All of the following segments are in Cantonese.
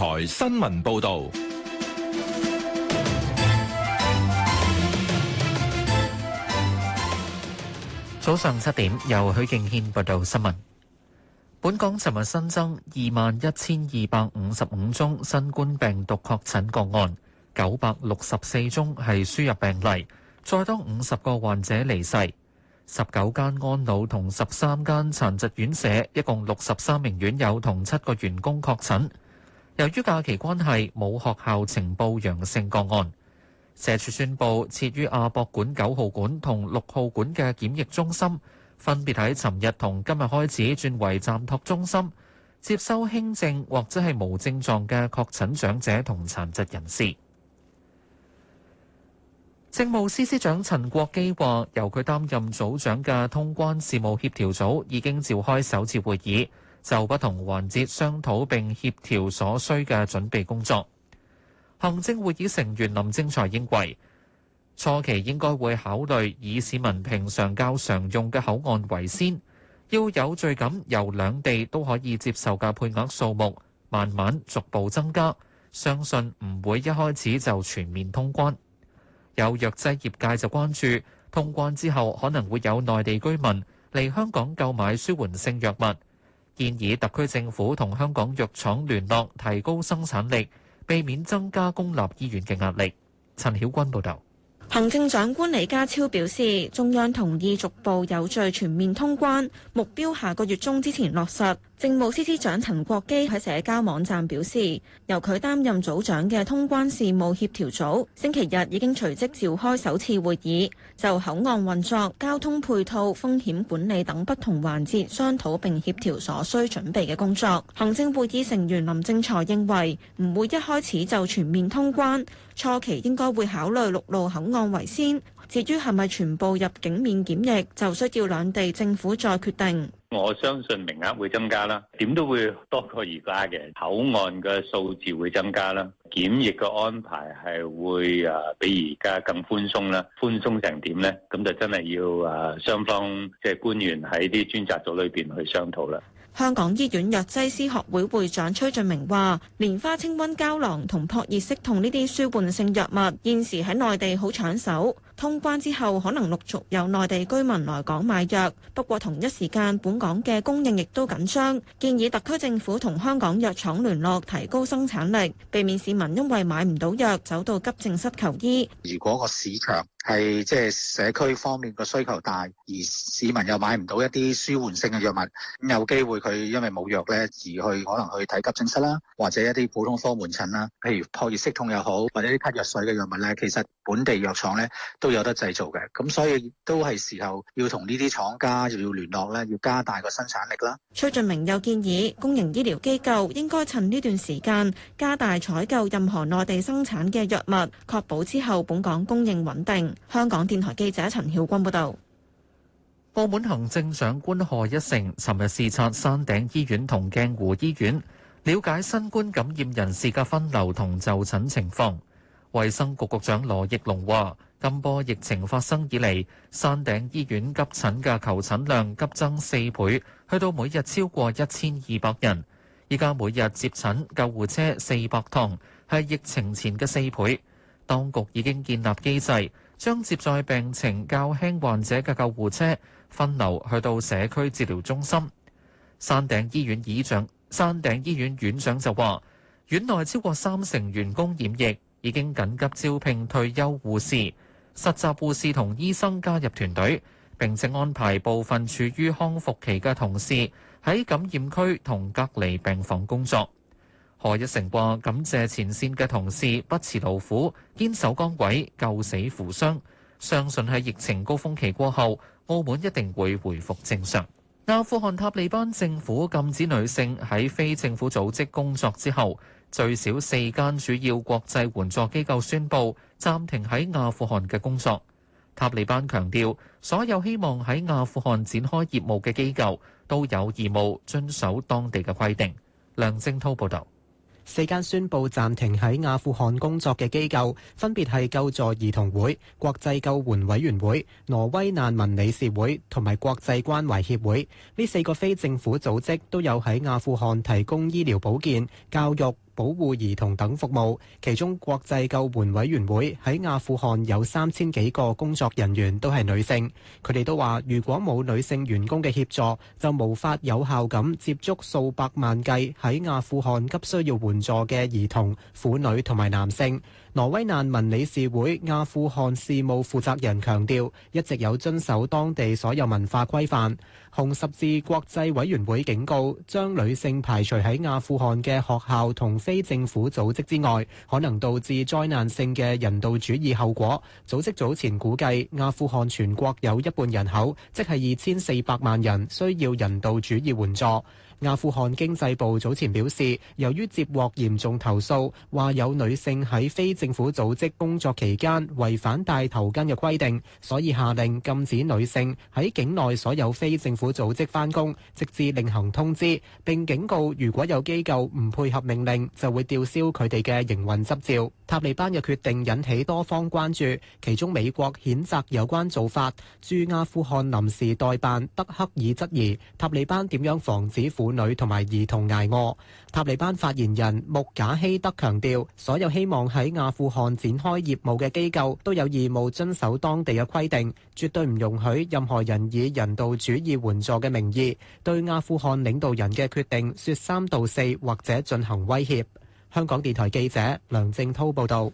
台新聞報導，早上七點由許敬軒報道新聞。本港尋日新增二萬一千二百五十五宗新冠病毒確診個案，九百六十四宗係輸入病例，再多五十個患者離世。十九間安老同十三間殘疾院舍一共六十三名院友同七個員工確診。由於假期關係，冇學校呈報陽性個案。社署宣佈，設於亞博館九號館同六號館嘅檢疫中心，分別喺尋日同今日開始轉為暫託中心，接收輕症或者係無症狀嘅確診長者同殘疾人士。政務司司長陳國基話，由佢擔任組長嘅通關事務協調組已經召開首次會議。就不同環節商討並協調所需嘅準備工作。行政會議成員林正財認為，初期應該會考慮以市民平常較常用嘅口岸為先，要有序噉由兩地都可以接受嘅配額數目，慢慢逐步增加。相信唔會一開始就全面通關。有藥劑業界就關注，通關之後可能會有內地居民嚟香港購買舒緩性藥物。建議特區政府同香港藥廠聯絡，提高生產力，避免增加公立醫院嘅壓力。陳曉君報導。行政長官李家超表示，中央同意逐步有序全面通關，目標下個月中之前落實。政務司司長陳國基喺社交網站表示，由佢擔任組長嘅通關事務協調組，星期日已經隨即召開首次會議，就口岸運作、交通配套、風險管理等不同環節商討並協調所需準備嘅工作。行政會議成員林正財認為，唔會一開始就全面通關，初期應該會考慮陸路口岸為先。至於係咪全部入境免檢疫，就需要兩地政府再決定。我相信名額會增加啦，點都會多過而家嘅口岸嘅數字會增加啦，檢疫嘅安排係會啊比而家更寬鬆啦，寬鬆成點咧？咁就真係要啊雙方即係官員喺啲專責組裏邊去商討啦。香港醫院藥劑師學會會長崔俊明話，蓮花清瘟膠囊同撲熱息痛呢啲舒緩性藥物現時喺內地好搶手。通關之後，可能陸續有內地居民來港買藥，不過同一時間，本港嘅供應亦都緊張。建議特區政府同香港藥廠聯絡，提高生產力，避免市民因為買唔到藥走到急症室求醫。如果個市場係即係社區方面嘅需求大，而市民又買唔到一啲舒緩性嘅藥物，有機會佢因為冇藥咧，而去可能去睇急症室啦，或者一啲普通科門診啦，譬如撲熱息痛又好，或者啲咳藥水嘅藥物咧，其實本地藥廠咧都。都有得製造嘅，咁所以都係時候要同呢啲廠家又要聯絡咧，要加大個生產力啦。崔俊明又建議，公營醫療機構應該趁呢段時間加大採購任何內地生產嘅藥物，確保之後本港供應穩定。香港電台記者陳曉君報道。澳門行政長官賀一誠尋日視察山頂醫院同鏡湖醫院，了解新冠感染人士嘅分流同就診情況。衛生局局長羅奕龍話。今波疫情發生以嚟，山頂醫院急診嘅求診量急增四倍，去到每日超過一千二百人。依家每日接診救護車四百趟，係疫情前嘅四倍。當局已經建立機制，將接載病情較輕患者嘅救護車分流去到社區治療中心。山頂醫院院長山頂醫院院長就話：院內超過三成員工染疫，已經緊急招聘退休護士，實習護士同醫生加入團隊，並正安排部分處於康復期嘅同事喺感染區同隔離病房工作。何一成話：感謝前線嘅同事不辭勞苦，堅守崗位，救死扶傷。相信喺疫情高峰期過後，澳門一定會回復正常。阿富汗塔利班政府禁止女性喺非政府組織工作之後，最少四間主要國際援助機構宣布暫停喺阿富汗嘅工作。塔利班強調，所有希望喺阿富汗展開業務嘅機構都有義務遵守當地嘅規定。梁正濤報導，四間宣布暫停喺阿富汗工作嘅機構分別係救助兒童會、國際救援委員會、挪威難民理事會同埋國際關懷協會。呢四個非政府組織都有喺阿富汗提供醫療保健、教育、保護兒童等服務，其中國際救援委員會喺阿富汗有三千幾個工作人員都係女性，佢哋都話，如果冇女性員工嘅協助，就無法有效咁接觸數百萬計喺阿富汗急需要援助嘅兒童、婦女同埋男性。挪威難民理事會阿富汗事務負責人強調，一直有遵守當地所有文化規範。紅十字國際委員會警告，將女性排除喺阿富汗嘅學校同非政府組織之外，可能導致災難性嘅人道主義後果。組織早前估計，阿富汗全國有一半人口，即係二千四百萬人，需要人道主義援助。阿富汗經濟部早前表示，由於接獲嚴重投訴，話有女性喺非政府組織工作期間違反戴頭巾嘅規定，所以下令禁止女性喺境內所有非政府組織返工，直至另行通知。並警告，如果有機構唔配合命令，就會吊銷佢哋嘅營運執照。塔利班嘅決定引起多方關注，其中美國譴責有關做法。駐阿富汗臨時代辦德克爾質疑塔利班點樣防止腐。婦女同埋兒童捱餓。塔利班發言人穆賈希德強調，所有希望喺阿富汗展開業務嘅機構都有義務遵守當地嘅規定，絕對唔容許任何人以人道主義援助嘅名義對阿富汗領導人嘅決定說三道四，或者進行威脅。香港電台記者梁正濤報道。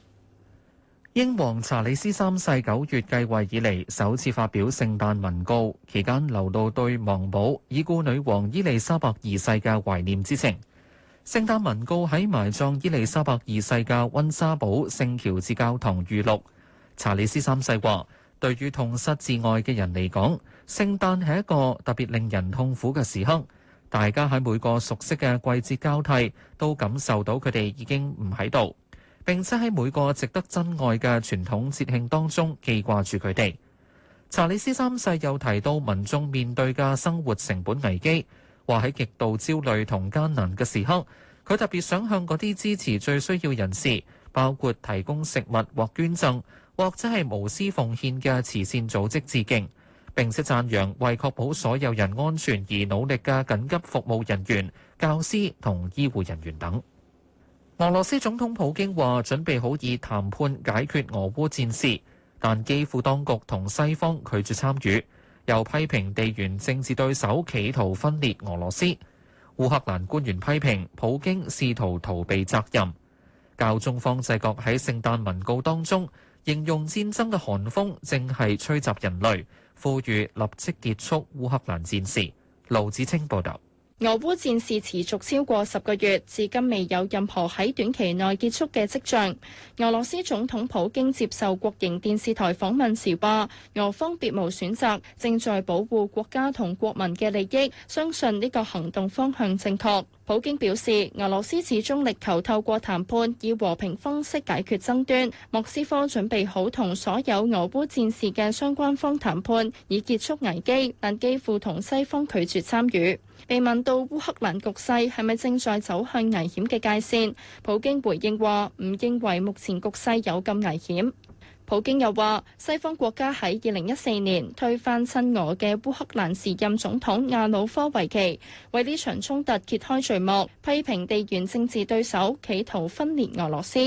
英皇查理斯三世九月繼位以嚟，首次發表聖誕文告，期間流露對亡母已故女王伊麗莎白二世嘅懷念之情。聖誕文告喺埋葬伊麗莎白二世嘅溫莎堡聖喬治教堂預錄。查理斯三世話：對於痛失摯愛嘅人嚟講，聖誕係一個特別令人痛苦嘅時刻。大家喺每個熟悉嘅季節交替，都感受到佢哋已經唔喺度。並且喺每個值得珍愛嘅傳統節慶當中記掛住佢哋。查理斯三世又提到民眾面對嘅生活成本危機，話喺極度焦慮同艱難嘅時刻，佢特別想向嗰啲支持最需要人士，包括提供食物或捐贈，或者係無私奉獻嘅慈善組織致敬，並且讚揚為確保所有人安全而努力嘅緊急服務人員、教師同醫護人員等。俄羅斯總統普京話準備好以談判解決俄烏戰事，但基輔當局同西方拒絕參與，又批評地緣政治對手企圖分裂俄羅斯。烏克蘭官員批評普京試圖逃避責任。教宗方濟各喺聖誕文告當中形容戰爭嘅寒風正係吹襲人類，呼籲立即結束烏克蘭戰事。盧子清報道。俄烏戰事持續超過十個月，至今未有任何喺短期內結束嘅跡象。俄羅斯總統普京接受國營電視台訪問時話：俄方別無選擇，正在保護國家同國民嘅利益，相信呢個行動方向正確。普京表示，俄羅斯始終力求透過談判以和平方式解決爭端。莫斯科準備好同所有俄烏戰事嘅相關方談判，以結束危機，但幾乎同西方拒絕參與。被問到烏克蘭局勢係咪正在走向危險嘅界線，普京回應話唔認為目前局勢有咁危險。普京又話，西方國家喺二零一四年推翻親俄嘅烏克蘭時任總統亞努科維奇，為呢場衝突揭開序幕，批評地緣政治對手企圖分裂俄羅斯。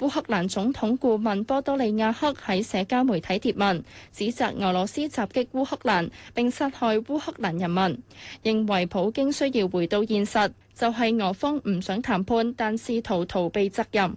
烏克蘭總統顧問波多利亞克喺社交媒體貼文，指責俄羅斯襲擊烏克蘭並殺害烏克蘭人民，認為普京需要回到現實，就係俄方唔想談判，但試圖逃避責任。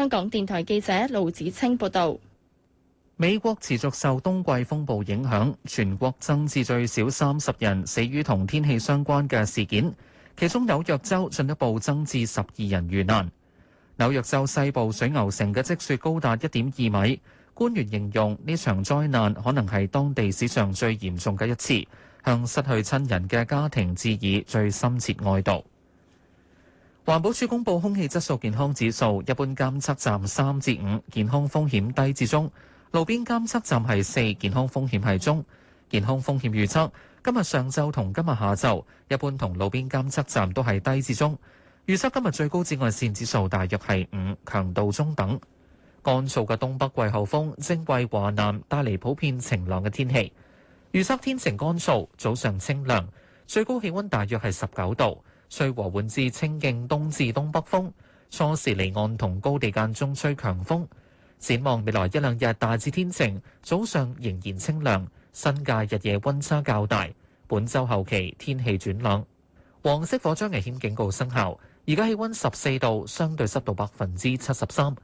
香港電台記者盧子清報道：美國持續受冬季風暴影響，全國增至最少三十人死於同天氣相關嘅事件，其中紐約州進一步增至十二人遇難。紐約州西部水牛城嘅積雪高達一點二米，官員形容呢場災難可能係當地史上最嚴重嘅一次，向失去親人嘅家庭致以最深切哀悼。環保署公布空氣質素健康指數，一般監測站三至五，健康風險低至中；路邊監測站係四，健康風險係中。健康風險預測今日上晝同今日下晝，一般同路邊監測站都係低至中。預測今日最高紫外線指數大約係五，強度中等。乾燥嘅東北季候風正為華南帶嚟普遍晴朗嘅天氣。預測天晴乾燥，早上清涼，最高氣溫大約係十九度。吹和緩至清勁，東至東北風。初時離岸同高地間中吹強風。展望未來一兩日大致天晴，早上仍然清涼，新界日夜温差較大。本週後期天氣轉冷。黃色火災危險警告生效。而家氣温十四度，相對濕度百分之七十三。